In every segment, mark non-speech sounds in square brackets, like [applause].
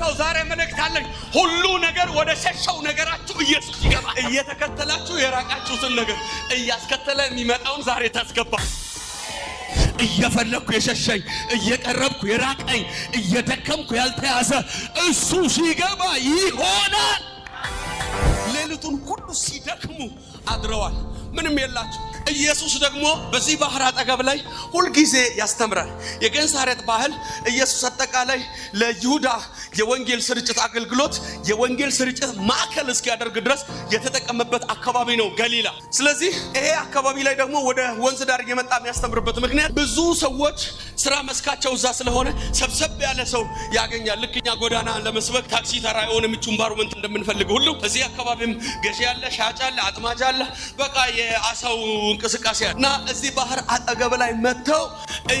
ሰው ዛሬ መልእክት አለኝ። ሁሉ ነገር ወደ ሸሸው ነገራችሁ ኢየሱስ ይገባል። እየተከተላችሁ የራቃችሁትን ነገር እያስከተለ የሚመጣውን ዛሬ ታስገባ። እየፈለግኩ የሸሸኝ እየቀረብኩ የራቀኝ እየደከምኩ ያልተያዘ እሱ ሲገባ ይሆናል። ሌሊቱን ሁሉ ሲደክሙ አድረዋል። ምንም የላቸው ኢየሱስ ደግሞ በዚህ ባህር አጠገብ ላይ ሁልጊዜ ያስተምራል። የጌንሳሬጥ ባህል ኢየሱስ አጠቃላይ ለይሁዳ የወንጌል ስርጭት አገልግሎት የወንጌል ስርጭት ማዕከል እስኪያደርግ ድረስ የተጠቀመበት አካባቢ ነው ገሊላ። ስለዚህ ይሄ አካባቢ ላይ ደግሞ ወደ ወንዝ ዳር እየመጣ የሚያስተምርበት ምክንያት ብዙ ሰዎች ስራ መስካቸው እዛ ስለሆነ ሰብሰብ ያለ ሰው ያገኛል። ልክኛ ጎዳና ለመስበክ ታክሲ ተራ የሆነ ምቹ ኢንቫይሮመንት እንደምንፈልግ ሁሉ እዚህ አካባቢም ገዢ አለ፣ ሻጭ አለ፣ አጥማጅ አለ። በቃ የአሳው እንቅስቃሴ እና እዚህ ባህር አጠገብ ላይ መጥተው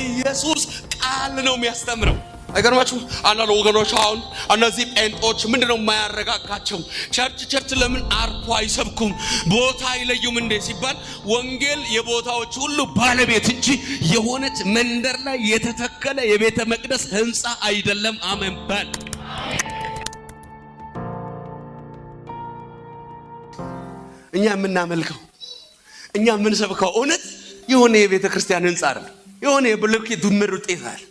ኢየሱስ ቃል ነው የሚያስተምረው። አይገርማችሁ? አንዳንድ ወገኖች አሁን እነዚህ ጴንጦች ምንድነው የማያረጋጋቸው? ቸርች ቸርች ለምን አርፎ አይሰብኩም? ቦታ አይለዩም እንዴ ሲባል ወንጌል የቦታዎች ሁሉ ባለቤት እንጂ የሆነች መንደር ላይ የተተከለ የቤተ መቅደስ ህንፃ አይደለም። አሜን በል። እኛ የምናመልከው እኛ የምንሰብከው እውነት የሆነ የቤተ ክርስቲያን ህንፃ አለ፣ የሆነ የብሎኬት ድምር ውጤት አለ፣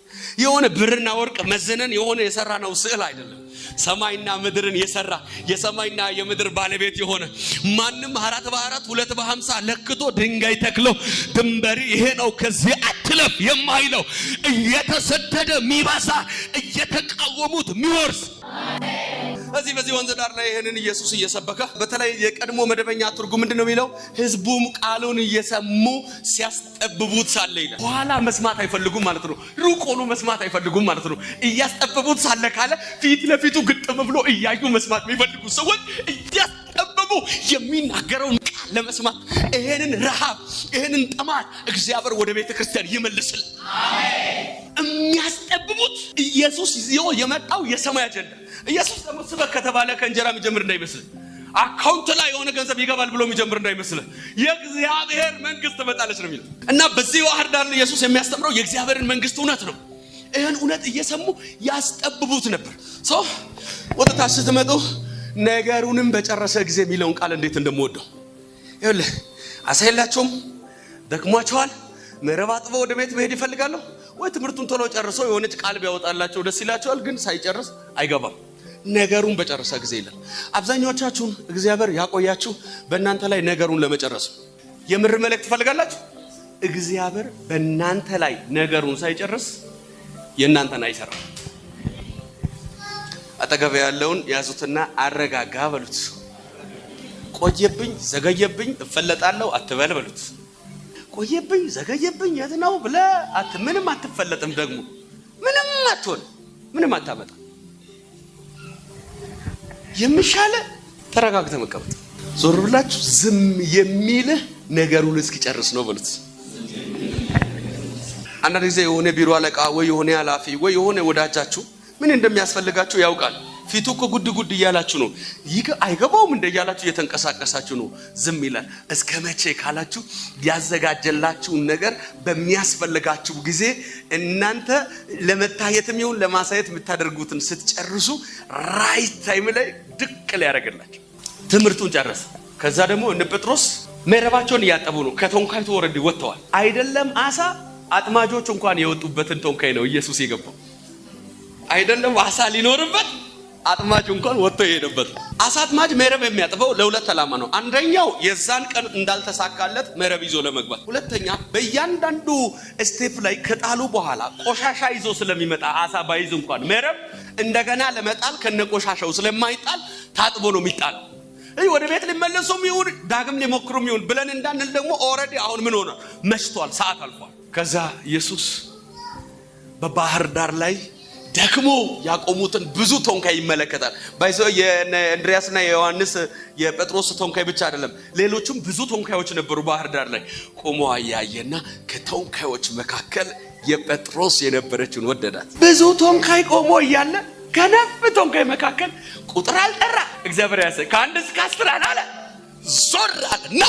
የሆነ ብርና ወርቅ መዘነን የሆነ የሰራነው ስዕል አይደለም። ሰማይና ምድርን የሰራ የሰማይና የምድር ባለቤት የሆነ ማንም አራት በአራት ሁለት በሀምሳ ለክቶ ድንጋይ ተክሎ ድንበሪ ይሄ ነው ከዚህ አትለፍ የማይለው እየተሰደደ ሚባሳ እየተቃወሙት የሚወርስ እዚህ በዚህ ወንዝ ዳር ላይ ይህንን ኢየሱስ እየሰበከ በተለይ የቀድሞ መደበኛ ትርጉም ምንድን ነው የሚለው? ህዝቡም ቃሉን እየሰሙ ሲያስጠብቡት ሳለ ይላል። በኋላ መስማት አይፈልጉም ማለት ነው። ሩቅ ሆኖ መስማት አይፈልጉም ማለት ነው። እያስጠብቡት ሳለ ካለ ፊት ለፊቱ ግጥም ብሎ እያዩ መስማት የሚፈልጉ ሰዎች እያስጠብቡ የሚናገረውን ቃል ለመስማት ይህንን ረሃብ፣ ይህንን ጥማት እግዚአብሔር ወደ ቤተ ክርስቲያን ይመልስል። የሚያስጠብቡት ኢየሱስ ይዞ የመጣው የሰማይ አጀንዳ። ኢየሱስ ደግሞ ስበክ ከተባለ ከእንጀራ የሚጀምር እንዳይመስል አካውንት ላይ የሆነ ገንዘብ ይገባል ብሎ የሚጀምር እንዳይመስል የእግዚአብሔር መንግስት ትመጣለች ነው የሚለው እና በዚህ ባህር ዳር ኢየሱስ የሚያስተምረው የእግዚአብሔርን መንግስት እውነት ነው። ይህን እውነት እየሰሙ ያስጠብቡት ነበር። ሰው ወጥታችሁ ስትመጡ ነገሩንም በጨረሰ ጊዜ የሚለውን ቃል እንዴት እንደምወደው ይኸውልህ። አሳይላቸውም ደክሟቸዋል፣ መረብ አጥበው ወደ ቤት መሄድ ይፈልጋለሁ። ወይ ትምህርቱን ቶሎ ጨርሶ የሆነች ቃል ቢያወጣላቸው ደስ ይላቸዋል። ግን ሳይጨርስ አይገባም። ነገሩን በጨረሰ ጊዜ ይላል። አብዛኞቻችሁን እግዚአብሔር ያቆያችሁ በእናንተ ላይ ነገሩን ለመጨረስ የምር መልእክት ትፈልጋላችሁ። እግዚአብሔር በእናንተ ላይ ነገሩን ሳይጨርስ የእናንተን አይሰራም። አጠገብ ያለውን ያዙትና አረጋጋ በሉት። ቆየብኝ፣ ዘገየብኝ፣ እፈለጣለሁ አትበል በሉት። ቆየብኝ፣ ዘገየብኝ፣ የት ነው ብለ ምንም አትፈለጥም። ደግሞ ምንም አትሆን፣ ምንም አታመጣ። የሚሻለ ተረጋግተ መቀመጥ። ዞር ብላችሁ ዝም የሚልህ ነገሩን እስኪጨርስ ነው በሉት። አንዳንድ ጊዜ የሆነ ቢሮ አለቃ ወይ የሆነ ኃላፊ ወይ የሆነ ወዳጃችሁ ምን እንደሚያስፈልጋችሁ ያውቃል። ፊቱ እኮ ጉድ ጉድ እያላችሁ ነው። አይገባውም እንደ እያላችሁ እየተንቀሳቀሳችሁ ነው። ዝም ይላል። እስከ መቼ ካላችሁ ያዘጋጀላችሁን ነገር በሚያስፈልጋችሁ ጊዜ እናንተ ለመታየትም ይሁን ለማሳየት የምታደርጉትን ስትጨርሱ ራይት ታይም ላይ ድቅ ሊያደርግላችሁ ትምህርቱን ጨረሰ። ከዛ ደግሞ እነ ጴጥሮስ መረባቸውን እያጠቡ ነው። ከቶንካይቱ ወረድ ወጥተዋል። አይደለም አሳ አጥማጆች እንኳን የወጡበትን ቶንካይ ነው ኢየሱስ የገባው። አይደለም አሳ ሊኖርበት አጥማጅ እንኳን ወጥቶ የሄደበት። አሳ አጥማጅ መረብ የሚያጥበው ለሁለት ዓላማ ነው። አንደኛው የዛን ቀን እንዳልተሳካለት መረብ ይዞ ለመግባት፣ ሁለተኛ በእያንዳንዱ ስቴፕ ላይ ከጣሉ በኋላ ቆሻሻ ይዞ ስለሚመጣ አሳ ባይዝ እንኳን መረብ እንደገና ለመጣል ከነ ቆሻሻው ስለማይጣል ታጥቦ ነው የሚጣል። ይህ ወደ ቤት ሊመለሱም ይሁን ዳግም ሊሞክሩም ይሁን ብለን እንዳንል ደግሞ ኦልሬዲ አሁን ምን ሆነ መሽቷል፣ ሰዓት አልፏል። ከዛ ኢየሱስ በባህር ዳር ላይ ደክሞ ያቆሙትን ብዙ ቶንካይ ይመለከታል። ባይዘው የእንድሪያስና የዮሐንስ የጴጥሮስ ቶንካይ ብቻ አይደለም፣ ሌሎችም ብዙ ቶንካዮች ነበሩ። ባህር ዳር ላይ ቆሞ አያየና ከቶንካዮች መካከል የጴጥሮስ የነበረችውን ወደዳት። ብዙ ቶንካይ ቆሞ እያለ ከነፍ ቶንካይ መካከል ቁጥር አልጠራ እግዚአብሔር ያሰ ከአንድ እስከ አስር አለ ዞር አለና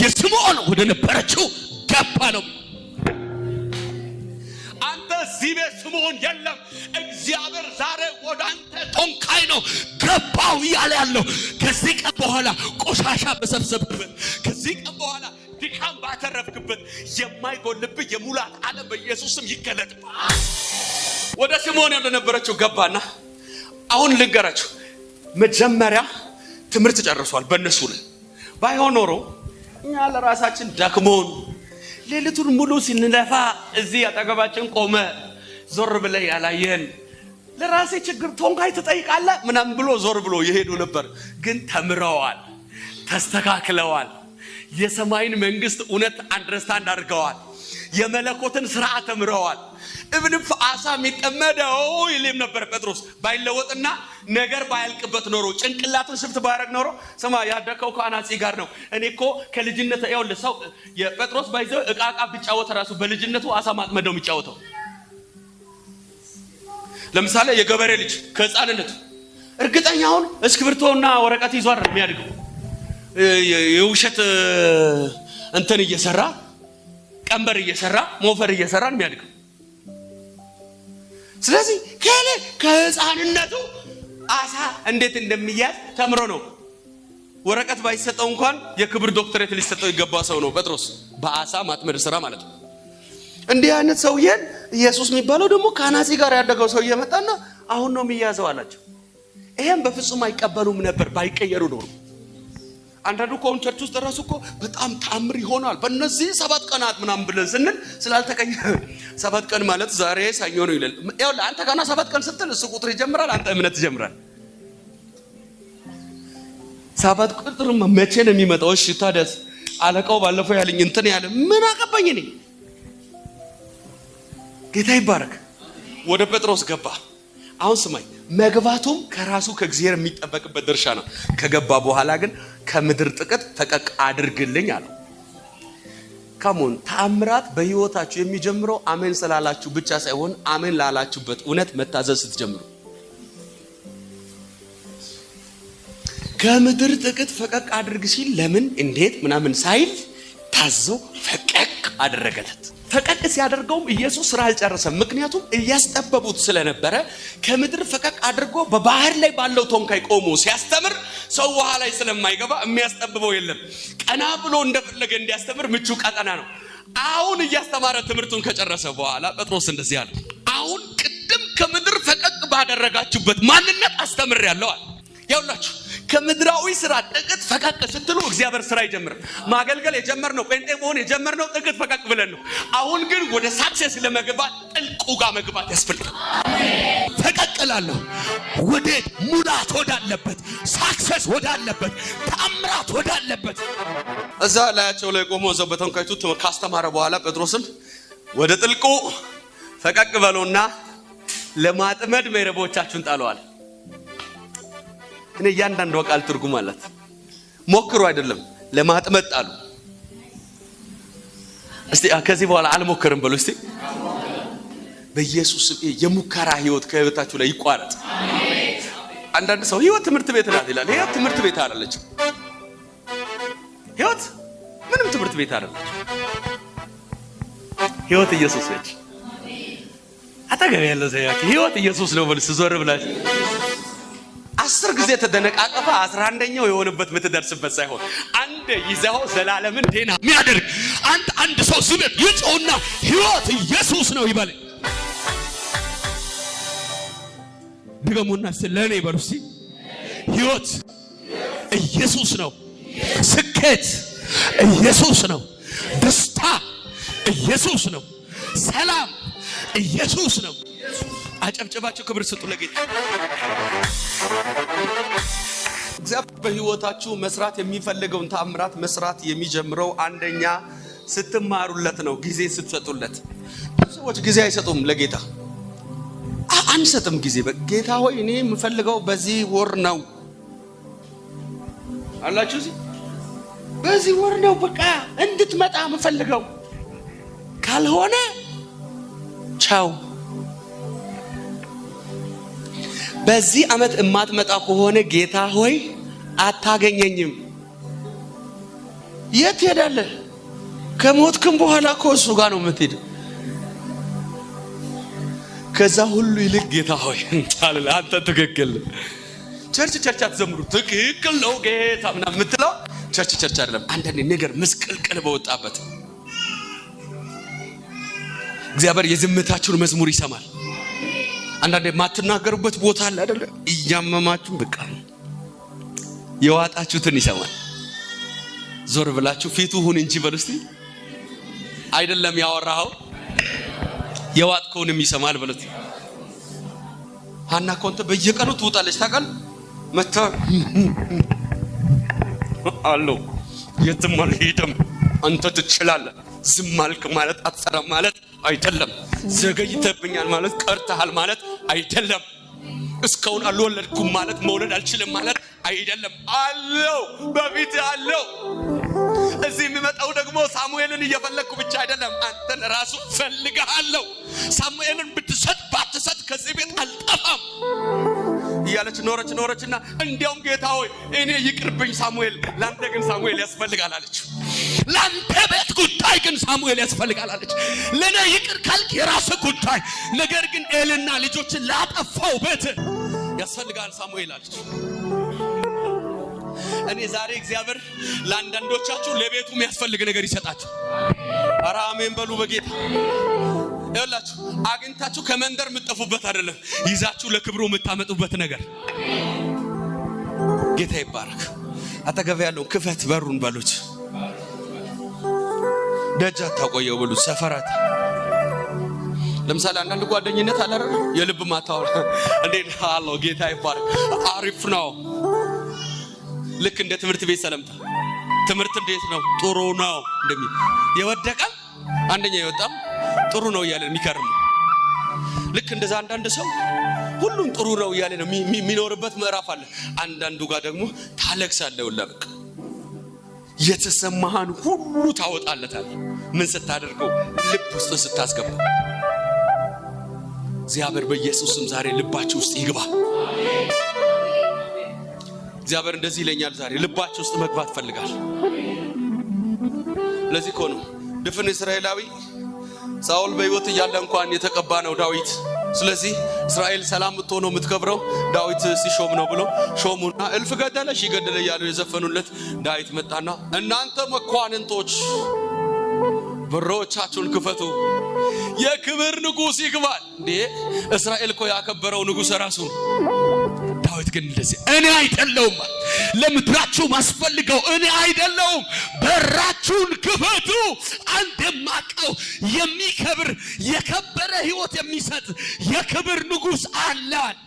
የስምዖን ወደ ነበረችው ገባ ነው የሚሆን የለም። እግዚአብሔር ዛሬ ወደ አንተ ቶንካይ ነው ገባው እያለ ያለው ከዚህ ቀን በኋላ ቆሻሻ በሰብሰብክበት፣ ከዚህ ቀን በኋላ ድካም ባተረፍክበት የማይጎልብህ የሙላት ዓለም በኢየሱስ ስም ይገለጥ። ወደ ሲሞን እንደነበረችው ገባና አሁን ልንገራችሁ፣ መጀመሪያ ትምህርት ጨርሷል በእነሱ ላይ ባይሆን ኖሮ እኛ ለራሳችን ደክሞን ሌሊቱን ሙሉ ሲንለፋ እዚህ አጠገባችን ቆመ። ዞር ብለህ ያላየን ለራሴ ችግር ቶንጋይ ትጠይቃለ ምናምን ብሎ ዞር ብሎ የሄዱ ነበር። ግን ተምረዋል፣ ተስተካክለዋል። የሰማይን መንግስት እውነት አንደርስታንድ አድርገዋል። የመለኮትን ስራ ተምረዋል። እብን አሳ የሚጠመደው ይልም ነበር ጴጥሮስ። ባይለወጥና ነገር ባያልቅበት ኖሮ ጭንቅላቱን ስፍት ባያደረግ ኖሮ ስማ ያደከው ከአናጺ ጋር ነው። እኔ እኮ ከልጅነት ያው ለሰው የጴጥሮስ ባይዘው እቃቃ ቢጫወት ራሱ በልጅነቱ አሳ ማጥመደው ነው የሚጫወተው ለምሳሌ የገበሬ ልጅ ከህፃንነቱ እርግጠኛ አሁን እስክብርቶና ወረቀት ይዟል የሚያድገው የውሸት እንትን እየሰራ ቀንበር እየሰራ ሞፈር እየሰራ የሚያድገው። ስለዚህ ከሌ ከህፃንነቱ አሳ እንዴት እንደሚያዝ ተምሮ ነው። ወረቀት ባይሰጠው እንኳን የክብር ዶክተሬት ሊሰጠው ይገባ ሰው ነው ጴጥሮስ በአሳ ማጥመድ ስራ ማለት ነው። እንዲህ አይነት ሰውዬን ኢየሱስ የሚባለው ደግሞ ከአናጺ ጋር ያደገው ሰውዬ መጣና አሁን ነው የሚያዘው አላቸው። ይሄም በፍጹም አይቀበሉም ነበር ባይቀየሩ ኖሩ። አንዳንዱ እኮ አሁን ቸርች ውስጥ ራሱ እኮ በጣም ታምር ይሆናል በእነዚህ ሰባት ቀናት ምናምን ብለን ስንል ስላልተቀኘ [laughs] ሰባት ቀን ማለት ዛሬ ሰኞ ነው ይላል። ያው አንተ ገና ሰባት ቀን ስትል እሱ ቁጥር ይጀምራል፣ አንተ እምነት ይጀምራል። ሰባት ቁጥር መቼ ነው የሚመጣው? እሺ ታዲያስ አለቃው ባለፈው ያለኝ እንትን ያለ ምን አቀበኝ እኔ ጌታ ይባረክ። ወደ ጴጥሮስ ገባ። አሁን ስማኝ፣ መግባቱም ከራሱ ከእግዚአብሔር የሚጠበቅበት ድርሻ ነው። ከገባ በኋላ ግን ከምድር ጥቅት ፈቀቅ አድርግልኝ አለው። ከሞን ተአምራት በህይወታችሁ የሚጀምረው አሜን ስላላችሁ ብቻ ሳይሆን አሜን ላላችሁበት እውነት መታዘዝ ስትጀምሩ። ከምድር ጥቅት ፈቀቅ አድርግ ሲል ለምን እንዴት ምናምን ሳይል ታዘው ፈቀቅ አደረገለት። ፈቀቅ ሲያደርገውም ኢየሱስ ስራ አልጨረሰም። ምክንያቱም እያስጠበቡት ስለነበረ ከምድር ፈቀቅ አድርጎ በባህር ላይ ባለው ቶንካይ ቆሞ ሲያስተምር ሰው ውሃ ላይ ስለማይገባ የሚያስጠብበው የለም። ቀና ብሎ እንደፈለገ እንዲያስተምር ምቹ ቀጠና ነው። አሁን እያስተማረ ትምህርቱን ከጨረሰ በኋላ ጴጥሮስ እንደዚህ አለ፣ አሁን ቅድም ከምድር ፈቀቅ ባደረጋችሁበት ማንነት አስተምር ያለዋል ያውላችሁ ከምድራዊ ስራ ጥቂት ፈቀቅ ስትሉ እግዚአብሔር ስራ ይጀምር። ማገልገል የጀመርነው ጴንጤ መሆን የጀመርነው ጥቂት ፈቀቅ ብለን ነው። አሁን ግን ወደ ሳክሴስ ለመግባት ጥልቁ ጋር መግባት ያስፈልጋል። ፈቀቅላለሁ ወዴት ሙላት ወዳለበት፣ ሳክሴስ ወዳለበት፣ ታምራት ወዳለበት እዛ ላያቸው ላይ ቆሞ እዛው በተንካይቱ ካስተማረ በኋላ ጴጥሮስን ወደ ጥልቁ ፈቀቅ በሉና ለማጥመድ መረቦቻችሁን ጣለዋል። እኔ እያንዳንዷ ቃል ትርጉም አላት። ሞክሩ አይደለም ለማጥመጥ አሉ። እስቲ ከዚህ በኋላ አልሞከርም በሉ እስቲ። በኢየሱስ የሙከራ ህይወት ከህይወታችሁ ላይ ይቋረጥ። አንዳንድ ሰው ህይወት ትምህርት ቤት ናት ይላል። ህይወት ትምህርት ቤት አላለች። ህይወት ምንም ትምህርት ቤት አላለች። ህይወት ኢየሱስ ነች። አጠገብ ያለው ሰው ህይወት ኢየሱስ ነው በሉ ዞር ብላችሁ አስር ጊዜ ተደነቃቀፈ አስራ አንደኛው የሆነበት የምትደርስበት ሳይሆን አንድ ይዘው ዘላለምን ዴና የሚያደርግ አንድ አንድ ሰው ዝም ይጮውና ህይወት ኢየሱስ ነው ይበል። ድገሙና ለእኔ ይበሉ ሲ ህይወት ኢየሱስ ነው። ስኬት ኢየሱስ ነው። ደስታ ኢየሱስ ነው። ሰላም ኢየሱስ ነው። አጨብጨባቸው። ክብር ስጡ ለጌታ። እግዚአብሔር በህይወታችሁ መስራት የሚፈልገውን ታምራት መስራት የሚጀምረው አንደኛ ስትማሩለት ነው፣ ጊዜ ስትሰጡለት። ሰዎች ጊዜ አይሰጡም ለጌታ አንሰጥም ጊዜ። ጌታ ሆይ እኔ የምፈልገው በዚህ ወር ነው አላችሁ። እዚህ በዚህ ወር ነው በቃ እንድትመጣ የምፈልገው ካልሆነ ቻው በዚህ ዓመት እማትመጣ ከሆነ ጌታ ሆይ አታገኘኝም። የት ሄዳለ ከሞትክም በኋላ ከእሱ ጋር ነው የምትሄድ። ከዛ ሁሉ ይልቅ ጌታ ሆይ አንተ ትክክል። ቸርች ቸርች አትዘምሩ። ትክክል ነው ጌታ ምናምን የምትለው ቸርች ቸርች አይደለም። አንዳንድ ነገር ምስቅልቅል በወጣበት እግዚአብሔር የዝምታችሁን መዝሙር ይሰማል። አንዳንዴ የማትናገሩበት ቦታ አለ አደለ? እያመማችሁ በቃ የዋጣችሁትን ይሰማል። ዞር ብላችሁ ፊቱ ሁን እንጂ በል እስቲ። አይደለም ያወራኸው የዋጥከውንም ይሰማል በለት። ሀና ኮንተ በየቀኑ ትውጣለች ታውቃለህ። መታ አሎ የትም አልሄድም። አንተ ትችላለህ። ዝም አልክ ማለት አትሰራም ማለት አይደለም። ዘገይተብኛል ማለት ቀርተሃል ማለት አይደለም። እስካሁን አልወለድኩም ማለት መውለድ አልችልም ማለት አይደለም። አለው፣ በፊት አለው። እዚህ የሚመጣው ደግሞ ሳሙኤልን እየፈለግኩ ብቻ አይደለም፣ አንተን ራሱ ፈልግሃለሁ። ሳሙኤልን ብትሰጥ ባትሰጥ ከዚህ ቤት አልጠፋም እያለች ኖረች ኖረችና፣ እንዲያውም ጌታ ሆይ እኔ ይቅርብኝ ሳሙኤል፣ ለአንተ ግን ሳሙኤል ያስፈልጋል አለችው። ለአንተ ቤት ጉዳይ ግን ሳሙኤል ያስፈልጋል አለች። ለእኔ ይቅር ካልክ የራስ ጉዳይ፣ ነገር ግን ኤልና ልጆችን ላጠፋው ቤት ያስፈልጋል ሳሙኤል አለች። እኔ ዛሬ እግዚአብሔር ለአንዳንዶቻችሁ ለቤቱ የሚያስፈልግ ነገር ይሰጣችሁ። ኧረ አሜን በሉ በጌታ ይላችሁ አግኝታችሁ ከመንደር የምትጠፉበት አይደለም፣ ይዛችሁ ለክብሩ የምታመጡበት ነገር። ጌታ ይባረክ። አጠገብ ያለውን ክፈት በሩን በሉት። ደጃ ታቆየው ብሉ ሰፈራት ለምሳሌ አንዳንድ ጓደኝነት አላረ የልብ ማታወር እንዴት አለው ጌታ ይባርክ አሪፍ ነው። ልክ እንደ ትምህርት ቤት ሰለምታ ትምህርት እንዴት ነው? ጥሩ ነው እንደሚ የወደቀ አንደኛ የወጣም ጥሩ ነው እያለ የሚከርም ልክ እንደዛ አንዳንድ ሰው ሁሉም ጥሩ ነው እያለ ነው የሚኖርበት ምዕራፍ አለ። አንዳንዱ ጋር ደግሞ ታለቅሳለህ ለበቅ የተሰማህን ሁሉ ታወጣለታል። ምን ስታደርገው? ልብ ውስጥ ስታስገባ። እግዚአብሔር በኢየሱስም ዛሬ ልባችሁ ውስጥ ይግባ። እግዚአብሔር እንደዚህ ይለኛል ዛሬ ልባችሁ ውስጥ መግባት ፈልጋል። ለዚህ እኮ ነው ድፍን እስራኤላዊ ሳኦል በሕይወት እያለ እንኳን የተቀባ ነው ዳዊት ስለዚህ እስራኤል ሰላም ነው የምትከብረው ዳዊት ሲሾም ነው ብሎ ሾሙና እልፍ ገደለ ሺ ገደለ እያሉ የዘፈኑለት ዳዊት መጣና እናንተ መኳንንቶች በሮቻችሁን ክፈቱ። የክብር ንጉሥ ይግባል። እንዴ እስራኤል እኮ ያከበረው ንጉሥ ራሱ ነው። ዳዊት ግን እንደዚህ እኔ አይደለውም ለምድራችሁ ማስፈልገው እኔ አይደለውም። በራችሁን ክፈቱ። አንድ የማቀው የሚከብር የከበረ ሕይወት የሚሰጥ የክብር ንጉሥ አላል